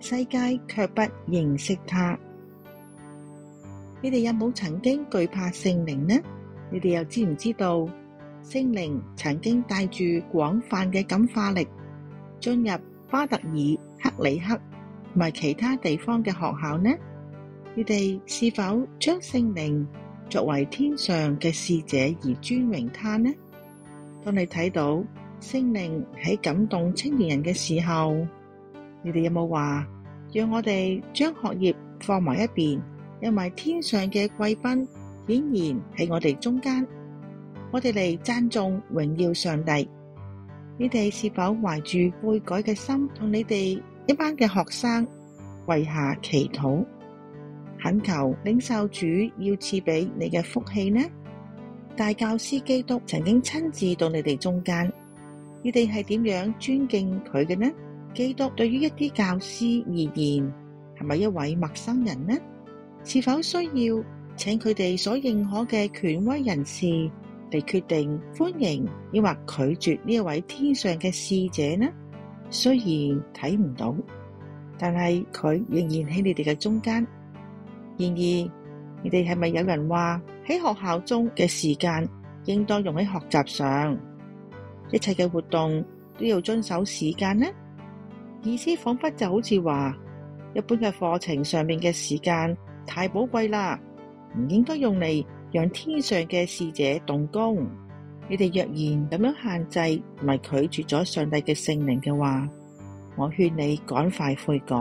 世界卻不認識他。你哋有冇曾經懼怕聖靈呢？你哋又知唔知道聖靈曾經帶住廣泛嘅感化力，進入巴特爾、克里克同埋其他地方嘅學校呢？你哋是否將聖靈作為天上嘅使者而尊榮他呢？當你睇到聖靈喺感動青年人嘅時候，你哋有冇話，讓我哋將學業放埋一邊，因為天上嘅貴賓顯然喺我哋中間，我哋嚟讚頌榮耀上帝。你哋是否懷住悔改嘅心，同你哋一班嘅學生跪下祈禱，懇求領受主要賜俾你嘅福氣呢？大教師基督曾經親自到你哋中間，你哋係點樣尊敬佢嘅呢？基督對於一啲教師而言係咪一位陌生人呢？是否需要請佢哋所認可嘅權威人士嚟決定歡迎，抑或拒絕呢一位天上嘅使者呢？雖然睇唔到，但係佢仍然喺你哋嘅中間。然而，你哋係咪有人話喺學校中嘅時間應當用喺學習上，一切嘅活動都要遵守時間呢？意思彷彿就好似話，一般嘅課程上面嘅時間太寶貴啦，唔應該用嚟讓天上嘅使者動工。你哋若然咁樣限制同埋拒絕咗上帝嘅聖靈嘅話，我勸你趕快悔改。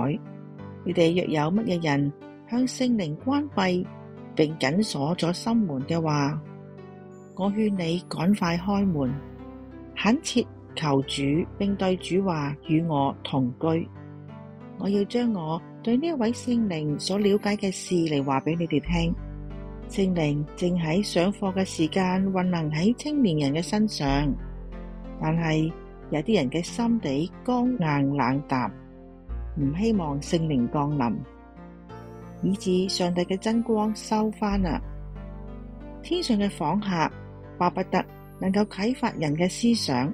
你哋若有乜嘢人向聖靈關閉並緊鎖咗心門嘅話，我勸你趕快開門，懇切，求主，并對主話與我同居。我要將我對呢位聖靈所了解嘅事嚟話俾你哋聽。聖靈正喺上課嘅時間運行喺青年人嘅身上，但係有啲人嘅心地剛硬冷淡，唔希望聖靈降臨，以致上帝嘅真光收翻啦。天上嘅訪客巴不得能夠啟發人嘅思想。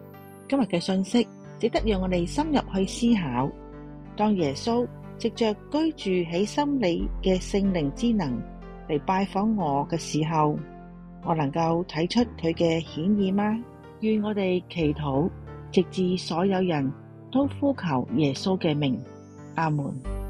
今日嘅信息值得讓我哋深入去思考。當耶穌藉着居住喺心裏嘅聖靈之能嚟拜訪我嘅時候，我能夠睇出佢嘅顯意嗎？願我哋祈禱，直至所有人都呼求耶穌嘅名。阿門。